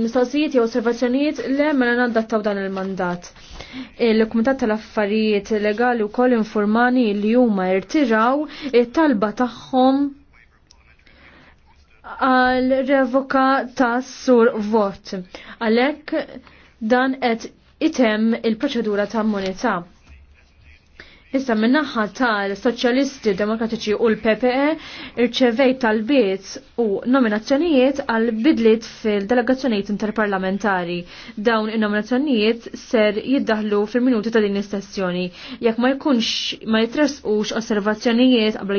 Mistoqsijiet jew osservazzjonijiet le mela nadattaw dan il-mandat. Il-Kumitat tal-Affarijiet Legali wkoll informani li huma irtiraw it-talba tagħhom għal revoka ta' sur vot. Għalhekk dan qed item il-proċedura ta' immunità. Issa minnaħħa tal-Soċjalisti Demokratiċi u l-PPE irċevejt tal-biet u nominazzjonijiet għal bidliet fil-delegazzjonijiet interparlamentari. Dawn in-nominazzjonijiet ser jiddaħlu fil-minuti ta' din is-sessjoni. Jekk ma jkunx ma jitresqux osservazzjonijiet